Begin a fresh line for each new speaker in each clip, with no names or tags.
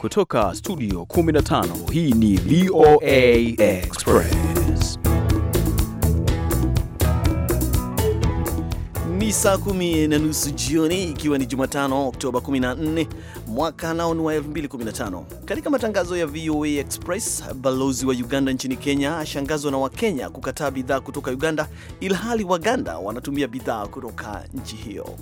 Kutoka studio 15 hii ni VOA
Express.
Ni saa kumi na nusu jioni ikiwa ni Jumatano Oktoba 14 mwaka nao ni wa 2015. Katika matangazo ya VOA Express, balozi wa Uganda nchini Kenya ashangazwa na Wakenya kukataa bidhaa kutoka Uganda ilhali Waganda wanatumia bidhaa kutoka nchi hiyo.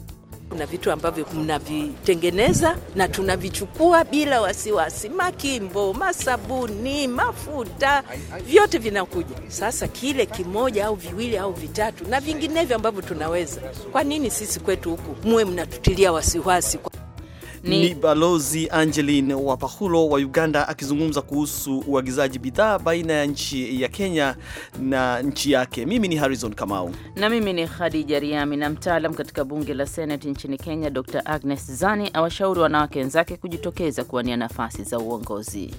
Kuna vitu ambavyo mnavitengeneza na tunavichukua bila wasiwasi, makimbo, masabuni, mafuta, vyote vinakuja. Sasa kile kimoja au viwili au vitatu na vinginevyo ambavyo tunaweza, kwa nini sisi kwetu huku muwe mnatutilia
wasiwasi? ni, ni Balozi Angeline Wapahulo wa Uganda akizungumza kuhusu uagizaji bidhaa baina ya nchi ya Kenya na nchi yake. Mimi ni Harrison Kamau
na mimi ni Khadija Riami. Na mtaalam katika bunge la Senate nchini Kenya Dr. Agnes Zani awashauri wanawake wenzake kujitokeza kuwania nafasi za uongozi.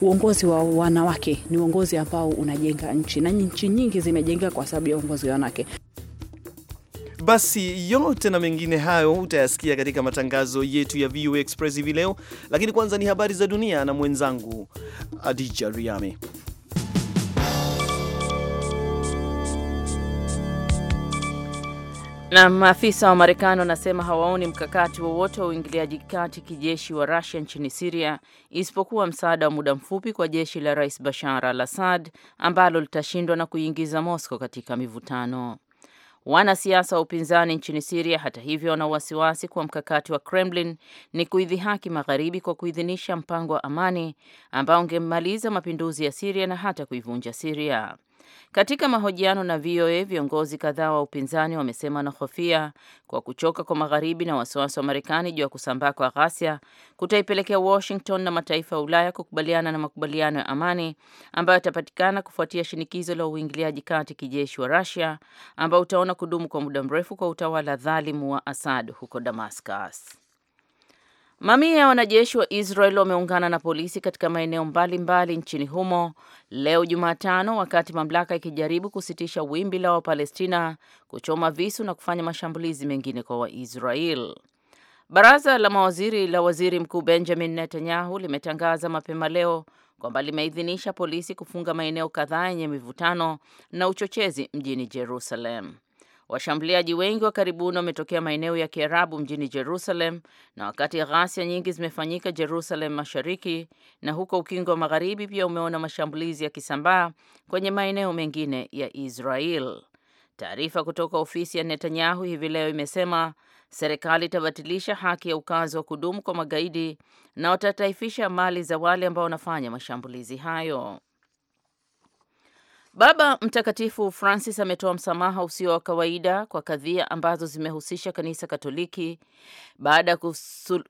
Uongozi wa wanawake ni uongozi ambao unajenga nchi na nchi nyingi zimejenga kwa sababu ya uongozi wa wanawake.
Basi yote na mengine hayo utayasikia katika matangazo yetu ya VOA Express hivi leo, lakini kwanza ni habari za dunia na mwenzangu
Adija Riami. Na maafisa wa Marekani wanasema hawaoni mkakati wowote wa uingiliaji kati kijeshi wa Russia nchini Syria isipokuwa msaada wa muda mfupi kwa jeshi la Rais Bashar al-Assad ambalo litashindwa na kuiingiza Moscow katika mivutano. Wanasiasa wa upinzani nchini Siria, hata hivyo, wana wasiwasi kuwa mkakati wa Kremlin ni kuidhihaki magharibi kwa kuidhinisha mpango wa amani ambao ungemaliza mapinduzi ya Siria na hata kuivunja Siria. Katika mahojiano na VOA, viongozi kadhaa wa upinzani wamesema wanahofia kwa kuchoka kwa magharibi na wasiwasi wa Marekani juu ya kusambaa kwa ghasia kutaipelekea Washington na mataifa ya Ulaya kukubaliana na makubaliano ya amani ambayo yatapatikana kufuatia shinikizo la uingiliaji kati kijeshi wa Russia ambao utaona kudumu kwa muda mrefu kwa utawala dhalimu wa Assad huko Damascus. Mamia ya wanajeshi wa Israel wameungana na polisi katika maeneo mbalimbali nchini humo leo Jumatano, wakati mamlaka ikijaribu kusitisha wimbi la Wapalestina kuchoma visu na kufanya mashambulizi mengine kwa Waisrael. Baraza la mawaziri la waziri mkuu Benjamin Netanyahu limetangaza mapema leo kwamba limeidhinisha polisi kufunga maeneo kadhaa yenye mivutano na uchochezi mjini Jerusalem. Washambuliaji wengi wa karibuni wametokea maeneo ya Kiarabu mjini Jerusalem, na wakati ghasia nyingi zimefanyika Jerusalem Mashariki na huko Ukingo wa Magharibi, pia umeona mashambulizi yakisambaa kwenye maeneo mengine ya Israel. Taarifa kutoka ofisi ya Netanyahu hivi leo imesema serikali itabatilisha haki ya ukazi wa kudumu kwa magaidi na watataifisha mali za wale ambao wanafanya mashambulizi hayo. Baba Mtakatifu Francis ametoa msamaha usio wa kawaida kwa kadhia ambazo zimehusisha kanisa Katoliki baada ya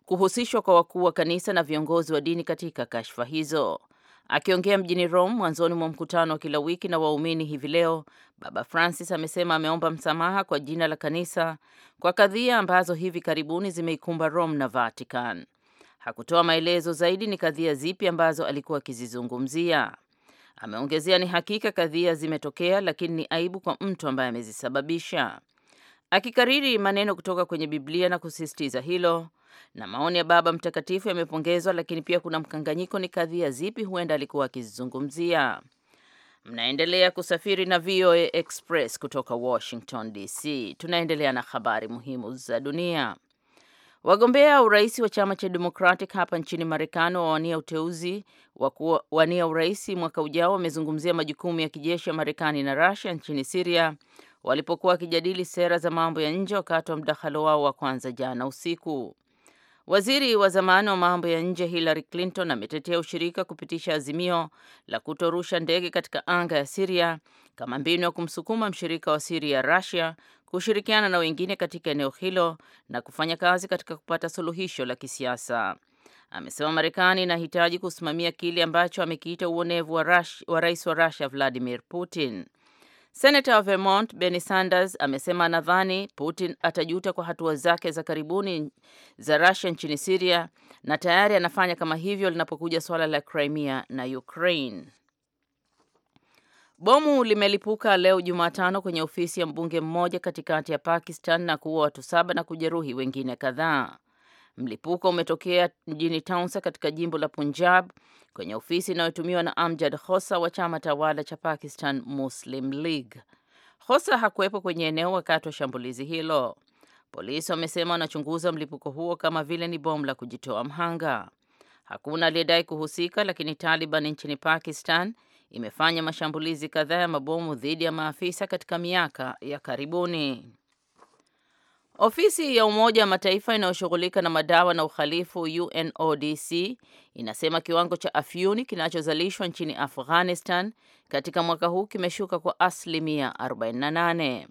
kuhusishwa kwa wakuu wa kanisa na viongozi wa dini katika kashfa hizo. Akiongea mjini Rome mwanzoni mwa mkutano wa kila wiki na waumini hivi leo, Baba Francis amesema ameomba msamaha kwa jina la kanisa kwa kadhia ambazo hivi karibuni zimeikumba Rome na Vatican. Hakutoa maelezo zaidi ni kadhia zipi ambazo alikuwa akizizungumzia. Ameongezea ni hakika kadhia zimetokea, lakini ni aibu kwa mtu ambaye amezisababisha, akikariri maneno kutoka kwenye Biblia na kusisitiza hilo. Na maoni ya Baba Mtakatifu yamepongezwa, lakini pia kuna mkanganyiko, ni kadhia zipi huenda alikuwa akizizungumzia. Mnaendelea kusafiri na VOA Express kutoka Washington DC. Tunaendelea na habari muhimu za dunia. Wagombea urais wa chama cha Democratic hapa nchini Marekani wawania uteuzi wa kuwania urais mwaka ujao wamezungumzia majukumu ya kijeshi ya Marekani na rasia nchini Siria walipokuwa wakijadili sera za mambo ya nje wakati wa mdahalo wao wa kwanza jana usiku. Waziri wa zamani wa mambo ya nje Hillary Clinton ametetea ushirika kupitisha azimio la kutorusha ndege katika anga ya Siria kama mbinu ya kumsukuma mshirika wa Siria Russia kushirikiana na wengine katika eneo hilo na kufanya kazi katika kupata suluhisho la kisiasa. Amesema Marekani inahitaji kusimamia kile ambacho amekiita uonevu wa, wa rais wa Russia Vladimir Putin. Senata wa Vermont Bernie Sanders amesema nadhani Putin atajuta kwa hatua zake za karibuni za Russia nchini siria na tayari anafanya kama hivyo linapokuja suala la Crimea na Ukraine. Bomu limelipuka leo Jumatano kwenye ofisi ya mbunge mmoja katikati ya Pakistan na kuua watu saba na kujeruhi wengine kadhaa. Mlipuko umetokea mjini tounsa katika jimbo la Punjab kwenye ofisi inayotumiwa na Amjad Hosa wa chama tawala cha Pakistan Muslim League. Hosa hakuwepo kwenye eneo wakati wa shambulizi hilo. Polisi wamesema wanachunguza mlipuko huo kama vile ni bomu la kujitoa mhanga. Hakuna aliyedai kuhusika, lakini Taliban nchini Pakistan imefanya mashambulizi kadhaa ya mabomu dhidi ya maafisa katika miaka ya karibuni. Ofisi ya Umoja wa Mataifa inayoshughulika na madawa na uhalifu UNODC inasema kiwango cha afyuni kinachozalishwa nchini Afghanistan katika mwaka huu kimeshuka kwa asilimia 48.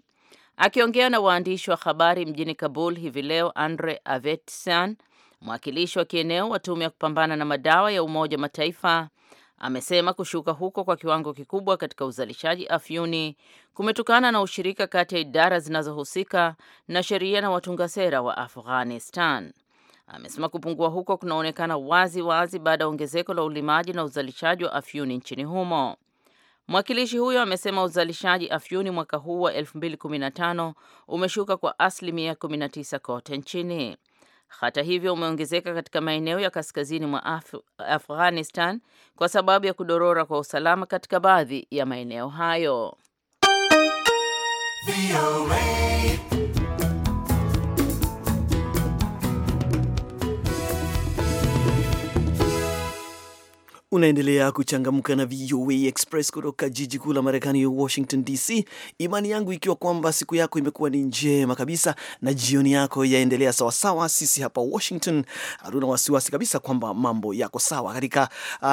Akiongea na waandishi wa habari mjini Kabul hivi leo, Andre Avetsan, mwakilishi wa kieneo wa tume ya kupambana na madawa ya Umoja wa Mataifa, amesema kushuka huko kwa kiwango kikubwa katika uzalishaji afyuni kumetokana na ushirika kati ya idara zinazohusika na sheria na watunga sera wa Afghanistan. Amesema kupungua huko kunaonekana wazi wazi baada ya ongezeko la ulimaji na uzalishaji wa afyuni nchini humo. Mwakilishi huyo amesema uzalishaji afyuni mwaka huu wa 2015 umeshuka kwa asilimia 19 kote nchini. Hata hivyo, umeongezeka katika maeneo ya kaskazini mwa Af Afghanistan kwa sababu ya kudorora kwa usalama katika baadhi ya maeneo hayo.
Unaendelea kuchangamka na VOA Express kutoka jiji kuu la Marekani, Washington DC. Imani yangu ikiwa kwamba siku yako imekuwa ni njema kabisa na jioni yako yaendelea sawasawa. Sisi hapa Washington hatuna wasiwasi kabisa kwamba mambo yako sawa. Katika uh,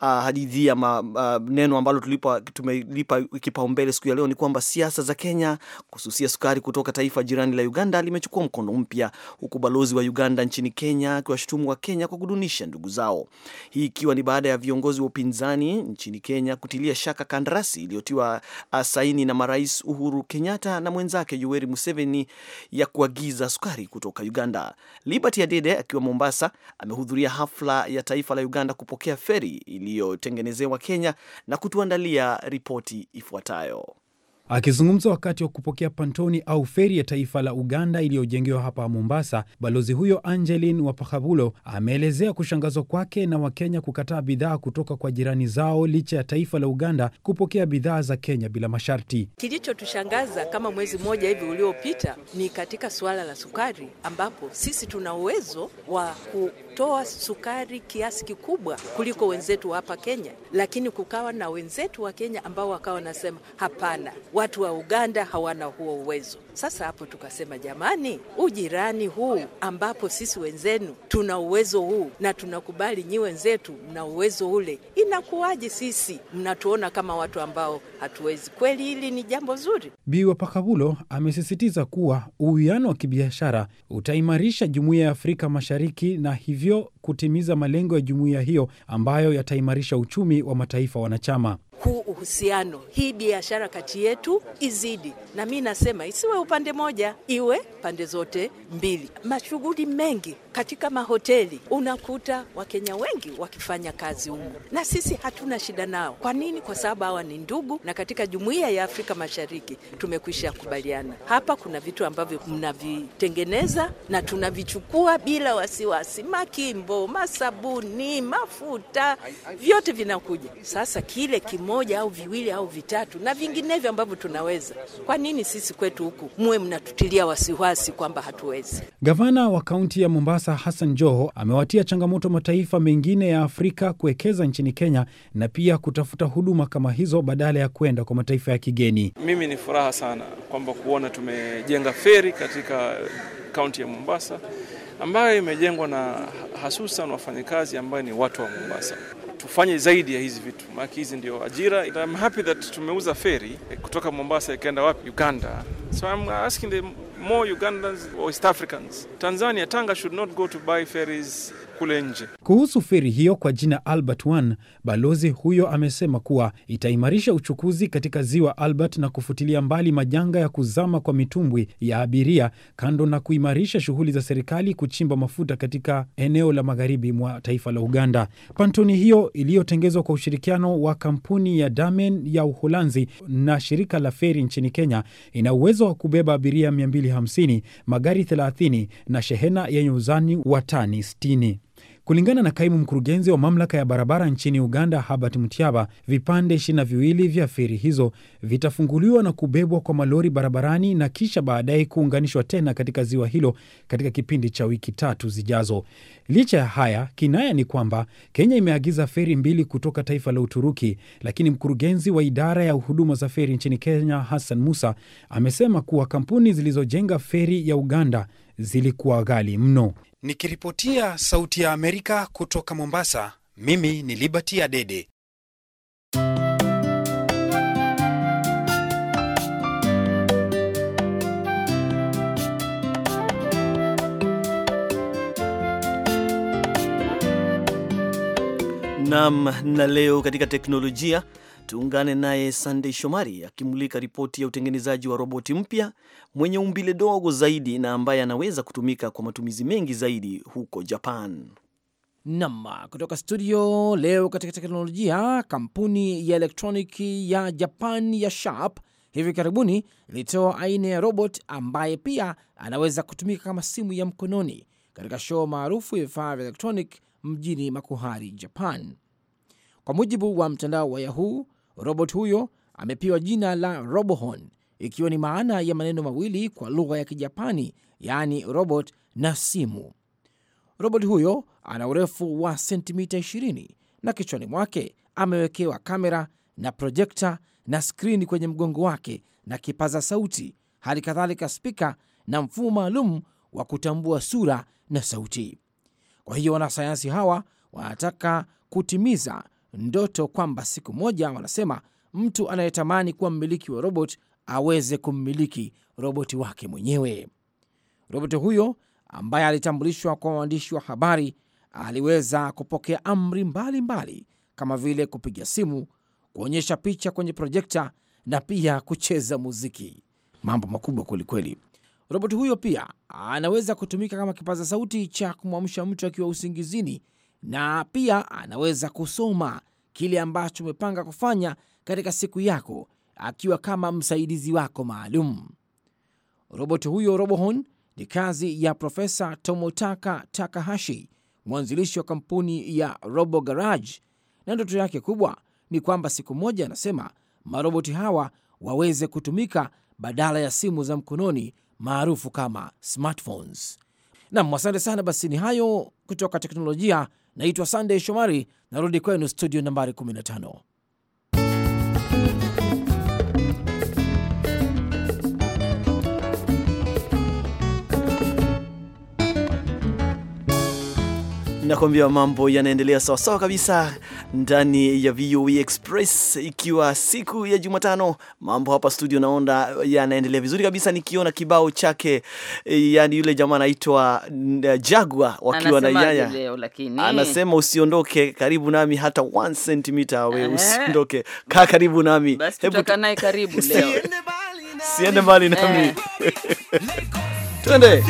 uh, hadithi ya uh, neno ambalo tulipa, tumelipa kipaumbele siku ya leo ni kwamba siasa za Kenya kususia sukari kutoka taifa jirani la Uganda limechukua mkondo mpya, huku balozi wa Uganda nchini Kenya akiwashutumu wa Kenya kwa kudunisha ndugu zao, hii ikiwa ni baada ya viongozi wa upinzani nchini Kenya kutilia shaka kandarasi iliyotiwa saini na marais Uhuru Kenyatta na mwenzake Yoweri Museveni ya kuagiza sukari kutoka Uganda. Liberty Adede akiwa Mombasa amehudhuria hafla ya taifa la Uganda kupokea feri iliyotengenezewa Kenya na kutuandalia ripoti ifuatayo.
Akizungumza wakati wa kupokea pantoni au feri ya taifa la Uganda iliyojengewa hapa Mombasa, balozi huyo Angeline Wapakhabulo ameelezea kushangazwa kwake na Wakenya kukataa bidhaa kutoka kwa jirani zao licha ya taifa la Uganda kupokea bidhaa za Kenya bila masharti.
Kilichotushangaza kama mwezi mmoja hivi uliopita ni katika suala la sukari, ambapo sisi tuna uwezo wa kutoa sukari kiasi kikubwa kuliko wenzetu hapa Kenya, lakini kukawa na wenzetu wa Kenya ambao wakawa wanasema hapana watu wa Uganda hawana huo uwezo. Sasa hapo tukasema, jamani, ujirani huu ambapo sisi wenzenu tuna uwezo huu na tunakubali nyi wenzetu mna uwezo ule, inakuwaje sisi mnatuona kama watu ambao hatuwezi? Kweli hili ni jambo zuri.
Bi Wapakabulo amesisitiza kuwa uwiano wa kibiashara utaimarisha jumuiya ya Afrika Mashariki na hivyo kutimiza malengo ya jumuiya hiyo ambayo yataimarisha uchumi wa mataifa wanachama
huu uhusiano, hii biashara kati yetu izidi, na mi nasema isiwe upande moja, iwe pande zote mbili. Mashughuli mengi katika mahoteli unakuta Wakenya wengi wakifanya kazi humo, na sisi hatuna shida nao. Kwa nini? Kwa sababu hawa ni ndugu, na katika jumuiya ya Afrika Mashariki tumekwisha kubaliana hapa, kuna vitu ambavyo mnavitengeneza na tunavichukua bila wasiwasi, makimbo, masabuni, mafuta, vyote vinakuja. Sasa kile kimoja au viwili au vitatu na vinginevyo ambavyo tunaweza, kwa nini sisi kwetu huku muwe mnatutilia wasiwasi kwamba hatuwezi?
Gavana wa kaunti ya Mombasa Mombasa, Hassan Joho, amewatia changamoto mataifa mengine ya Afrika kuwekeza nchini Kenya na pia kutafuta huduma kama hizo badala ya kwenda kwa mataifa ya kigeni.
Mimi ni furaha sana kwamba kuona tumejenga feri katika kaunti ya Mombasa ambayo imejengwa na hasusan wafanyakazi ambayo ni watu wa Mombasa. Tufanye zaidi ya hizi vitu, maana hizi ndio ajira. I'm happy that tumeuza feri kutoka Mombasa ikaenda wapi? Uganda. So I'm asking more Ugandans or East Africans. Tanzania, Tanga should not go to buy ferries kule nje.
Kuhusu feri hiyo kwa jina Albert One, balozi huyo amesema kuwa itaimarisha uchukuzi katika ziwa Albert na kufutilia mbali majanga ya kuzama kwa mitumbwi ya abiria, kando na kuimarisha shughuli za serikali kuchimba mafuta katika eneo la magharibi mwa taifa la Uganda. Pantoni hiyo iliyotengezwa kwa ushirikiano wa kampuni ya Damen ya Uholanzi na shirika la feri nchini Kenya ina uwezo wa kubeba abiria 250, magari 30 na shehena yenye uzani wa tani 60. Kulingana na kaimu mkurugenzi wa mamlaka ya barabara nchini Uganda, Habert Mutiaba, vipande ishirini na viwili vya feri hizo vitafunguliwa na kubebwa kwa malori barabarani na kisha baadaye kuunganishwa tena katika ziwa hilo katika kipindi cha wiki tatu zijazo. Licha ya haya, kinaya ni kwamba Kenya imeagiza feri mbili kutoka taifa la Uturuki, lakini mkurugenzi wa idara ya huduma za feri nchini Kenya, Hassan Musa, amesema kuwa kampuni zilizojenga feri ya Uganda zilikuwa ghali mno. Nikiripotia Sauti ya Amerika kutoka Mombasa, mimi ni Liberty Adede.
Nam. Na leo katika teknolojia Tuungane naye Sandey Shomari akimulika ripoti ya utengenezaji wa roboti mpya mwenye umbile dogo zaidi na ambaye anaweza kutumika kwa matumizi mengi zaidi huko Japan.
Nam, kutoka studio. Leo katika teknolojia, kampuni ya elektroniki ya Japan ya Sharp hivi karibuni ilitoa aina ya robot ambaye pia anaweza kutumika kama simu ya mkononi katika show maarufu ya vifaa vya elektronic mjini Makuhari, Japan. Kwa mujibu wa mtandao wa Yahoo, robot huyo amepewa jina la Robohon, ikiwa ni maana ya maneno mawili kwa lugha ya Kijapani, yaani robot na simu. Robot huyo ana urefu wa sentimita 20 na kichwani mwake amewekewa kamera na projekta na skrini kwenye mgongo wake na kipaza sauti, hali kadhalika spika na mfumo maalum wa kutambua sura na sauti. Kwa hiyo wanasayansi hawa wanataka kutimiza ndoto kwamba siku moja, wanasema mtu anayetamani kuwa mmiliki wa robot aweze kummiliki roboti wake mwenyewe. Roboti huyo ambaye alitambulishwa kwa waandishi wa habari aliweza kupokea amri mbalimbali mbali, kama vile kupiga simu, kuonyesha picha kwenye projekta na pia kucheza muziki. Mambo makubwa kwelikweli. Roboti huyo pia anaweza kutumika kama kipaza sauti cha kumwamsha mtu akiwa usingizini na pia anaweza kusoma kile ambacho umepanga kufanya katika siku yako akiwa kama msaidizi wako maalum. Roboti huyo Robohon ni kazi ya Profesa Tomotaka Takahashi, mwanzilishi wa kampuni ya Robo Garage, na ndoto yake kubwa ni kwamba siku moja, anasema maroboti hawa waweze kutumika badala ya simu za mkononi maarufu kama smartphones. Nam, asante sana. Basi ni hayo kutoka teknolojia Naitwa Sandey Shomari, narudi kwenu studio nambari 15.
Nakwambia mambo yanaendelea sawasawa kabisa ndani ya VOA e Express, ikiwa siku ya Jumatano. Mambo hapa studio naona yanaendelea vizuri kabisa, nikiona kibao chake, yani yule jamaa anaitwa uh, Jagwa wakiwa na Yaya anasema usiondoke karibu nami hata 1 cm, we usiondoke, kaa karibu nami,
hebu tukanae karibu leo,
siende mbali nami, twende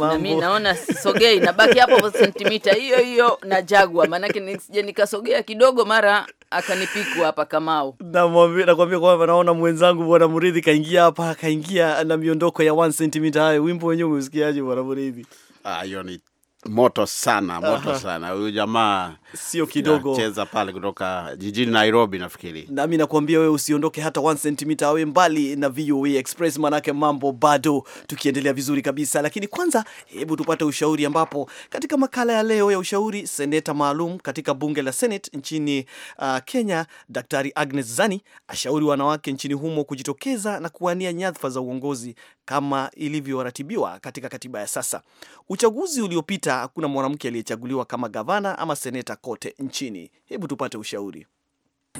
mambo. Na naona sogei, nabaki hapo kwa sentimita hiyo hiyo
na Jaguar, maanake nisije nikasogea kidogo mara akanipiku hapa Kamau.
nakwambia kwamba naona mwenzangu Bwana Muridhi kaingia hapa, kaingia na miondoko ya 1 cm hayo. Wimbo wenyewe
umesikiaje, Bwana Muridhi? Ah, hiyo ni moto sana, moto sana. Huyu jamaa sio kidogo, cheza pale kutoka jijini Nairobi nafikiri. Nami nakuambia
wewe usiondoke hata 1 cm, awe mbali na VOA e Express, manake mambo bado tukiendelea vizuri kabisa. Lakini kwanza, hebu tupate ushauri, ambapo katika makala ya leo ya ushauri, seneta maalum katika bunge la Senate nchini uh, Kenya, Daktari Agnes Zani ashauri wanawake nchini humo kujitokeza na kuwania nyadhifa za uongozi kama ilivyoratibiwa katika katiba ya sasa. Uchaguzi uliopita hakuna mwanamke aliyechaguliwa kama gavana ama seneta kote nchini. Hebu tupate ushauri.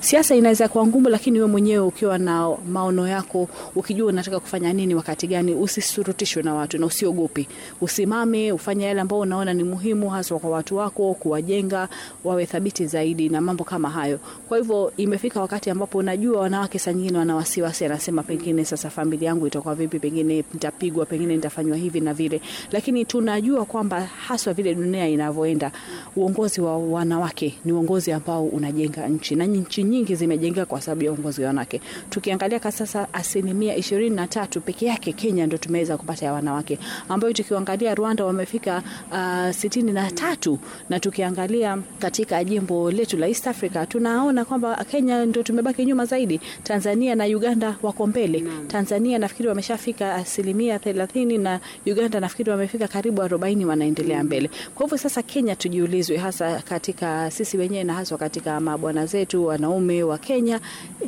Siasa inaweza kuwa ngumu, lakini wewe mwenyewe ukiwa na maono yako, ukijua unataka kufanya nini wakati gani, usisurutishwe na watu na usiogope. Usimame, ufanye yale ambayo unaona ni muhimu, haswa kwa watu wako, kuwajenga wawe thabiti zaidi na mambo kama hayo. Kwa hivyo, imefika wakati ambapo unajua wanawake sa nyingine wana wasiwasi, anasema pengine sasa famili yangu itakuwa vipi, pengine ntapigwa pengine nitafanywa hivi na vile, lakini tunajua kwamba haswa vile dunia inavyoenda, uongozi wa wanawake ni uongozi ambao unajenga nchi na nchi nchi nyingi zimejengeka kwa sababu ya uongozi wa wanawake. Tukiangalia kwa sasa asilimia ishirini na tatu peke yake Kenya ndio tumeweza kupata ya wanawake, ambayo tukiangalia Rwanda wamefika uh, sitini na tatu na tukiangalia katika jimbo letu la East Africa tunaona kwamba Kenya ndio tumebaki nyuma zaidi. Tanzania na Uganda wako mbele. Tanzania nafikiri wameshafika asilimia thelathini na Uganda nafikiri wamefika karibu arobaini, wanaendelea mm. mbele. Kwa hivyo sasa Kenya tujiulizwe hasa katika sisi wenyewe na haswa katika mabwana zetu wana wanaume wa Kenya,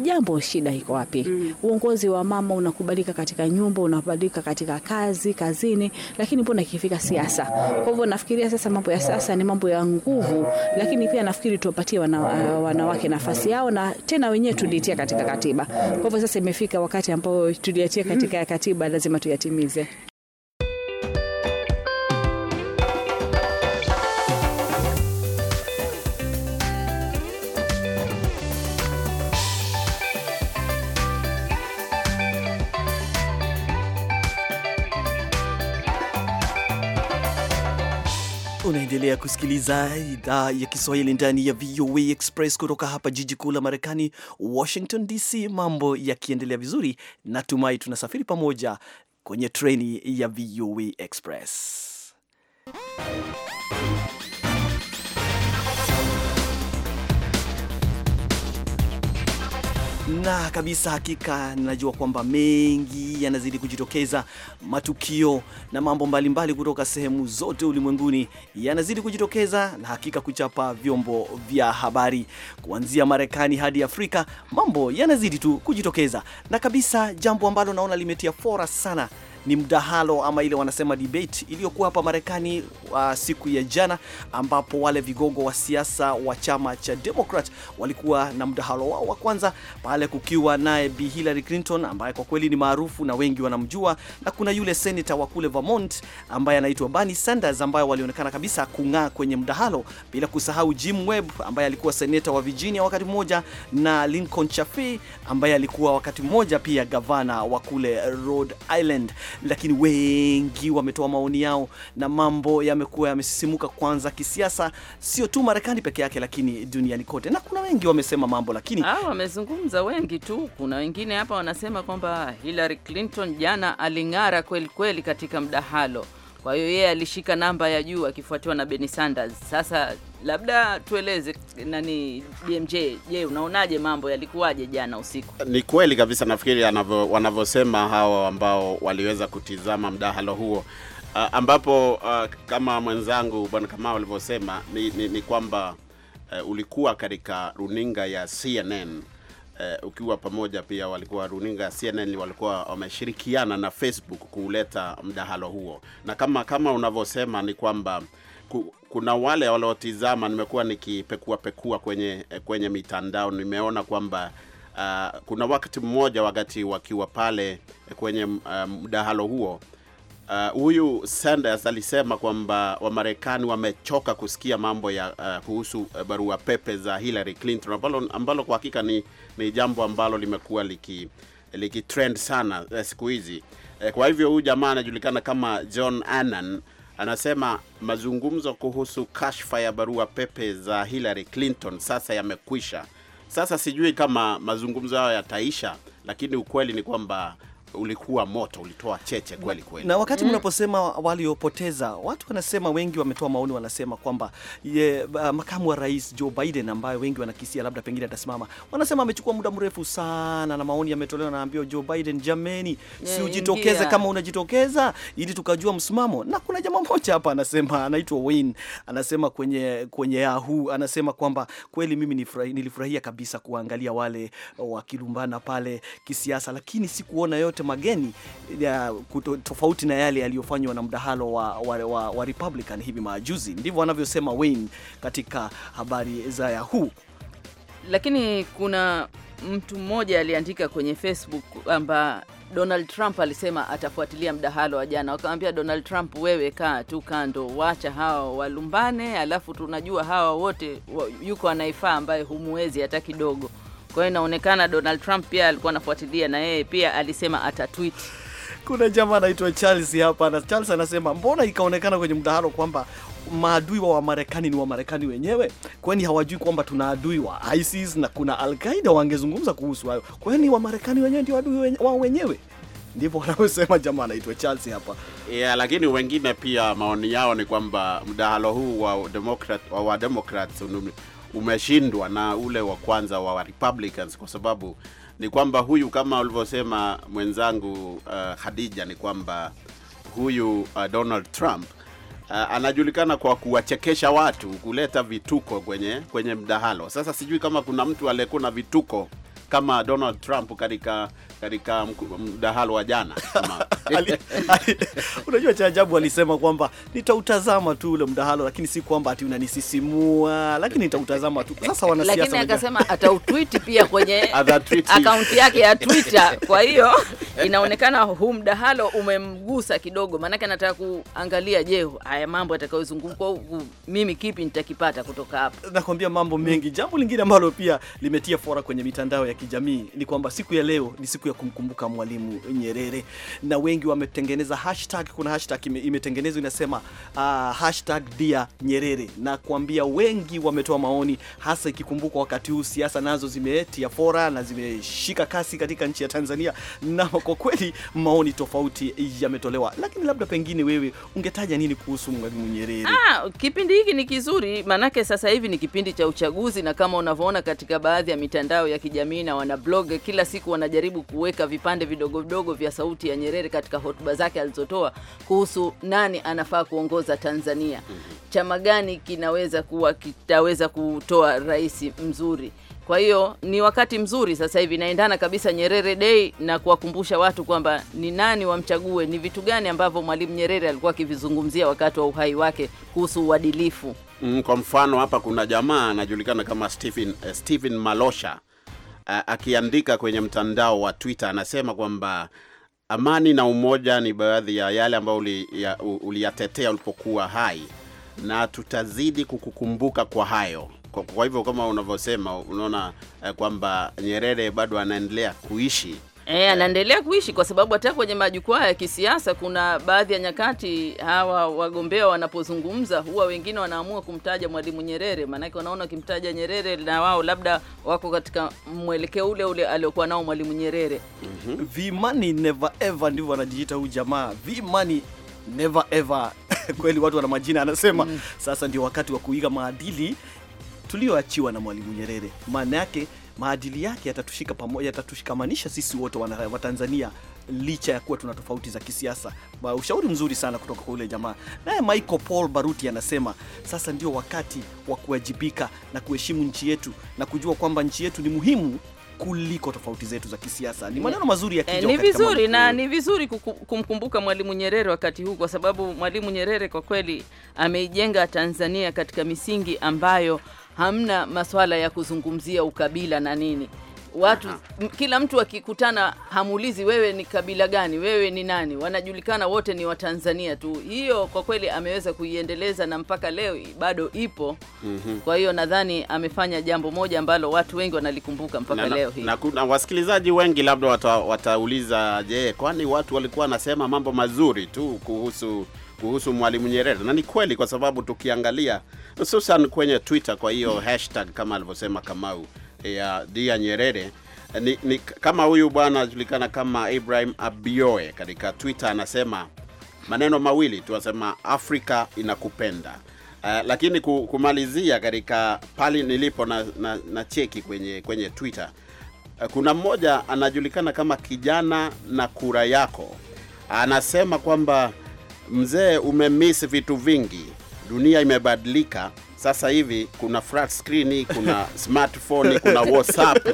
jambo shida iko wapi? mm. Uongozi wa mama unakubalika katika nyumba, unakubalika katika kazi, kazini, lakini mbona ikifika siasa? Kwa hivyo nafikiria sasa mambo ya sasa ni mambo ya nguvu, lakini pia nafikiri tuwapatie wana, uh, wanawake nafasi yao, na tena wenyewe tuliitia katika katiba. Kwa hivyo sasa imefika wakati ambao tuliatia katika katiba, lazima tuyatimize.
Unaendelea kusikiliza idhaa ya Kiswahili ndani ya VOA Express kutoka hapa jiji kuu la Marekani, Washington DC. Mambo yakiendelea vizuri, natumai tunasafiri pamoja kwenye treni ya VOA Express na kabisa, hakika najua kwamba mengi yanazidi kujitokeza, matukio na mambo mbalimbali mbali kutoka sehemu zote ulimwenguni yanazidi kujitokeza na hakika kuchapa vyombo vya habari kuanzia Marekani hadi Afrika, mambo yanazidi tu kujitokeza, na kabisa, jambo ambalo naona limetia fora sana ni mdahalo ama ile wanasema debate iliyokuwa hapa Marekani uh, siku ya jana, ambapo wale vigogo wa siasa wa chama cha Democrat walikuwa na mdahalo wao wa kwanza pale, kukiwa naye Bi Hillary Clinton ambaye kwa kweli ni maarufu na wengi wanamjua, na kuna yule senator wa kule Vermont ambaye anaitwa Bernie Sanders ambaye walionekana kabisa kung'aa kwenye mdahalo, bila kusahau Jim Webb ambaye alikuwa senator wa Virginia wakati mmoja na Lincoln Chafee ambaye alikuwa wakati mmoja pia gavana wa kule Rhode Island lakini wengi wametoa maoni yao na mambo yamekuwa yamesisimuka, kwanza kisiasa, sio tu Marekani peke yake, lakini duniani kote, na kuna wengi wamesema mambo, lakini ah,
wamezungumza wengi tu. Kuna wengine hapa wanasema kwamba Hillary Clinton jana aling'ara kweli kweli katika mdahalo, kwa hiyo yeye alishika namba ya juu akifuatiwa na Bernie Sanders. Sasa labda tueleze nani DMJ, je, unaonaje mambo yalikuwaje jana usiku?
Ni kweli kabisa, nafikiri wanavyosema hawa ambao waliweza kutizama mdahalo huo Uh, ambapo uh, kama mwenzangu bwana Kamau walivyosema ni, ni, ni kwamba uh, ulikuwa katika runinga ya CNN uh, eh, ukiwa pamoja pia walikuwa runinga ya CNN walikuwa wameshirikiana na Facebook kuleta mdahalo huo, na kama kama unavyosema ni kwamba ku, kuna wale waliotizama, nimekuwa nikipekua pekua kwenye eh, kwenye mitandao, nimeona kwamba uh, kuna wakati mmoja wakati wakiwa pale eh, kwenye ah, mdahalo um, huo ah, huyu uh, Sanders alisema kwamba Wamarekani wamechoka kusikia mambo ya uh, kuhusu eh, barua pepe za Hillary Clinton, ambalo, ambalo kwa hakika ni, ni jambo ambalo limekuwa liki likitrend sana siku hizi. Kwa hivyo huyu jamaa anajulikana kama John Annan anasema mazungumzo kuhusu kashfa ya barua pepe za Hillary Clinton sasa yamekwisha. Sasa sijui kama mazungumzo hayo yataisha, lakini ukweli ni kwamba ulikuwa moto, ulitoa cheche kweli kweli. Na wakati mm.
mnaposema waliopoteza, watu wanasema, wengi wametoa maoni, wanasema kwamba ye, makamu wa rais Joe Biden ambaye wengi wanakisia labda pengine atasimama, wanasema amechukua muda mrefu sana, na maoni yametolewa, naambiwa Joe Biden, jameni, si ujitokeze kama unajitokeza ili tukajua msimamo. Na kuna jamaa mmoja hapa anasema, anaitwa Wayne, anasema kwenye kwenye Yahoo, anasema kwamba kweli mimi nilifurahia kabisa kuangalia wale wakilumbana pale kisiasa, lakini sikuona yote yote mageni ya, kuto, tofauti na yale yaliyofanywa na mdahalo wa, wa, wa, wa Republican hivi majuzi. Ndivyo wanavyosema Wayne katika habari za Yahoo.
Lakini kuna mtu mmoja aliandika kwenye Facebook kwamba Donald Trump alisema atafuatilia mdahalo wa jana. Wakamwambia Donald Trump, wewe kaa tu kando, wacha hawa walumbane, alafu tunajua hawa wote yuko anaifaa ambaye humwezi hata kidogo. Kwa hiyo inaonekana Donald Trump pia alikuwa anafuatilia, na yeye pia alisema atatweet.
Kuna jamaa anaitwa Charles hapa na Charles anasema mbona ikaonekana kwenye mdahalo kwamba maadui wa Wamarekani ni Wamarekani wenyewe? Kwani hawajui kwamba tuna adui wa ISIS na kuna Al-Qaida? Wangezungumza kuhusu hayo. Kwani Wamarekani wenyewe ndio adui wao wenyewe? Ndipo wanaosema jamaa anaitwa Charles hapa
yeah. Lakini wengine pia maoni yao ni kwamba mdahalo huu wa Democrat, wa Democrats umeshindwa na ule wa kwanza wa Republicans, kwa sababu ni kwamba huyu kama ulivyosema mwenzangu uh, Hadija ni kwamba huyu uh, Donald Trump uh, anajulikana kwa kuwachekesha watu, kuleta vituko kwenye kwenye mdahalo. Sasa sijui kama kuna mtu aliyekuwa na vituko kama Donald Trump katika katika mdahalo wa jana.
Unajua cha ajabu, alisema kwamba nitautazama tu ule mdahalo, lakini si kwamba ati unanisisimua, lakini nitautazama tu. Sasa wanasiasa, akasema
atautwiti pia kwenye akaunti yake ya Twitter. Kwa hiyo inaonekana huu mdahalo umemgusa kidogo, maanake anataka kuangalia, je, haya mambo atakayozungumzwa huku, mimi kipi nitakipata kutoka hapa?
Nakwambia mambo mengi. Jambo lingine ambalo pia limetia fora kwenye mitandao ya kijamii ni kwamba siku ya leo ni siku ya kumkumbuka Mwalimu Nyerere, na wengi wametengeneza hashtag. Kuna hashtag ime, imetengenezwa inasema uh, hashtag dia Nyerere, na kuambia wengi wametoa maoni, hasa ikikumbukwa wakati huu siasa nazo zimetia fora na zimeshika kasi katika nchi ya Tanzania, na kwa kweli maoni tofauti yametolewa, lakini labda pengine wewe ungetaja nini kuhusu Mwalimu Nyerere?
Ah, kipindi hiki ni kizuri, maanake sasa hivi ni kipindi cha uchaguzi, na kama unavyoona katika baadhi ya mitandao ya kijamii na wanablog kila siku wanajaribu kuweka vipande vidogo vidogo vya sauti ya Nyerere katika hotuba zake alizotoa kuhusu nani anafaa kuongoza Tanzania, mhm. chama gani kinaweza kuwa kitaweza kutoa rais mzuri. Kwa hiyo ni wakati mzuri sasa hivi, naendana kabisa Nyerere Day na kuwakumbusha watu kwamba ni nani wamchague, ni vitu gani ambavyo Mwalimu Nyerere alikuwa akivizungumzia wakati wa uhai wake
kuhusu uadilifu. Mm, kwa mfano hapa kuna jamaa anajulikana kama Stephen, eh, Stephen Malosha akiandika kwenye mtandao wa Twitter anasema kwamba amani na umoja ni baadhi ya yale ambayo uliyatetea ulipokuwa hai na tutazidi kukukumbuka kwa hayo. Kwa, kwa hivyo kama unavyosema unaona eh, kwamba Nyerere bado anaendelea kuishi
E, anaendelea kuishi kwa sababu hata kwenye majukwaa ya kisiasa kuna baadhi ya nyakati hawa wagombea wanapozungumza huwa wengine wanaamua kumtaja Mwalimu Nyerere, maanake wanaona wakimtaja Nyerere na wao labda wako katika mwelekeo ule ule aliokuwa nao Mwalimu Nyerere.
mm -hmm. Vimani never ever ndivyo wanajiita huu jamaa Vimani never ever kweli, watu wana majina anasema. mm -hmm. Sasa ndio wakati wa kuiga maadili tulioachiwa na Mwalimu Nyerere, maana yake maadili yake yatatushika pamoja, yatatushikamanisha sisi wote wa Tanzania licha ya kuwa tuna tofauti za kisiasa. Ushauri mzuri sana kutoka kwa yule jamaa. Naye Michael Paul Baruti anasema sasa ndio wakati wa kuwajibika na kuheshimu nchi yetu na kujua kwamba nchi yetu ni muhimu kuliko tofauti zetu za kisiasa. Ni maneno mazuri ya kijana. Eh, ni vizuri na
ni vizuri kumkumbuka Mwalimu Nyerere wakati huu, kwa sababu Mwalimu Nyerere kwa kweli ameijenga Tanzania katika misingi ambayo hamna masuala ya kuzungumzia ukabila na nini watu Aha. kila mtu akikutana hamuulizi wewe ni kabila gani, wewe ni nani, wanajulikana wote ni Watanzania tu. Hiyo kwa kweli ameweza kuiendeleza na mpaka leo bado ipo. mm -hmm. Kwa hiyo nadhani amefanya jambo moja ambalo watu wengi wanalikumbuka mpaka na, leo hii
na, na, na wasikilizaji wengi labda wata, watauliza je, kwani watu walikuwa wanasema mambo mazuri tu kuhusu kuhusu Mwalimu Nyerere, na ni kweli, kwa sababu tukiangalia hususan kwenye Twitter, kwa hiyo hashtag kama alivyosema Kamau eh, ya dia Nyerere eh, ni, ni kama huyu bwana anajulikana kama Ibrahim Abioe katika Twitter anasema maneno mawili tu, anasema Afrika inakupenda. Uh, lakini kumalizia katika pali nilipo na, na, na cheki kwenye, kwenye Twitter uh, kuna mmoja anajulikana kama kijana na kura yako anasema kwamba Mzee, umemiss vitu vingi, dunia imebadilika. Sasa hivi kuna flat screen, kuna smartphone, kuna WhatsApp.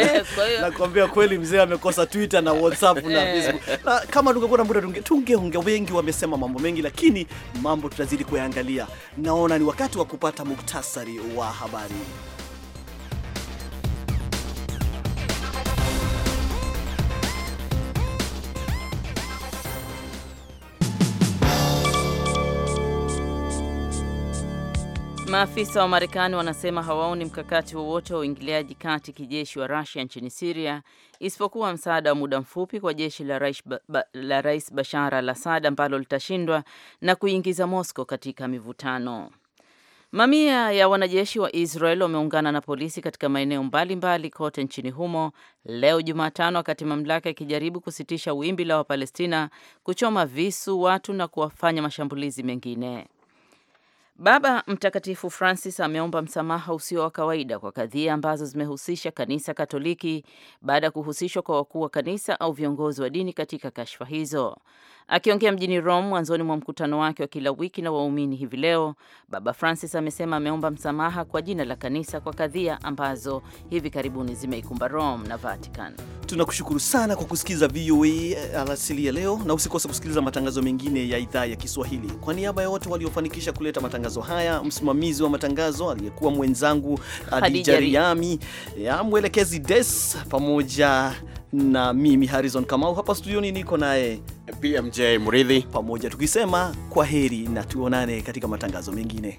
Eh, Nakwambia kweli mzee amekosa Twitter na WhatsApp na eh. Facebook.
Na kama tungekuwa na muda tungeongea wengi, wamesema mambo mengi, lakini mambo tutazidi kuyaangalia. Naona ni wakati wa kupata muktasari wa habari.
Maafisa wa Marekani wanasema hawaoni mkakati wowote wa uingiliaji kati kijeshi wa rasia nchini siria isipokuwa msaada wa muda mfupi kwa jeshi la Rais, ba, la Rais Bashar al-Assad ambalo litashindwa na kuingiza Moscow katika mivutano. Mamia ya wanajeshi wa Israel wameungana na polisi katika maeneo mbalimbali kote nchini humo leo Jumatano, wakati mamlaka ikijaribu kusitisha wimbi la Wapalestina kuchoma visu watu na kuwafanya mashambulizi mengine. Baba Mtakatifu Francis ameomba msamaha usio wa kawaida kwa kadhia ambazo zimehusisha kanisa Katoliki baada ya kuhusishwa kwa wakuu wa kanisa au viongozi wa dini katika kashfa hizo. Akiongea mjini Rome mwanzoni mwa mkutano wake wa kila wiki na waumini hivi leo, Baba Francis amesema ameomba msamaha kwa jina la kanisa kwa kadhia ambazo hivi karibuni zimeikumba Rome na Vatican.
Tunakushukuru sana kwa kusikiliza VOA alasili ya leo, na usikose kusikiliza matangazo mengine ya idhaa ya Kiswahili. Kwa niaba ya wote waliofanikisha kuleta matangazo matangazo haya, msimamizi wa matangazo aliyekuwa mwenzangu Adija Riami, ya mwelekezi Des, pamoja na mimi Harrison Kamau hapa studioni, niko naye BMJ Mridhi, pamoja tukisema kwa heri na tuonane katika matangazo mengine.